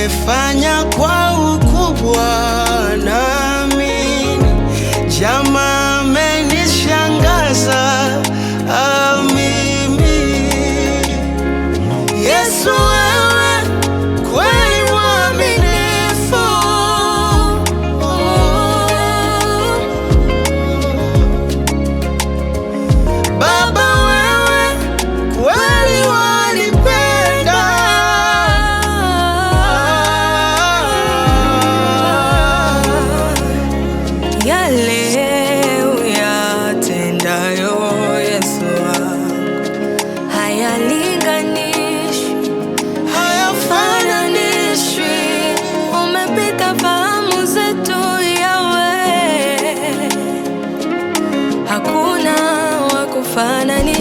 umefanya kwa ukubwa, nami jamaa finally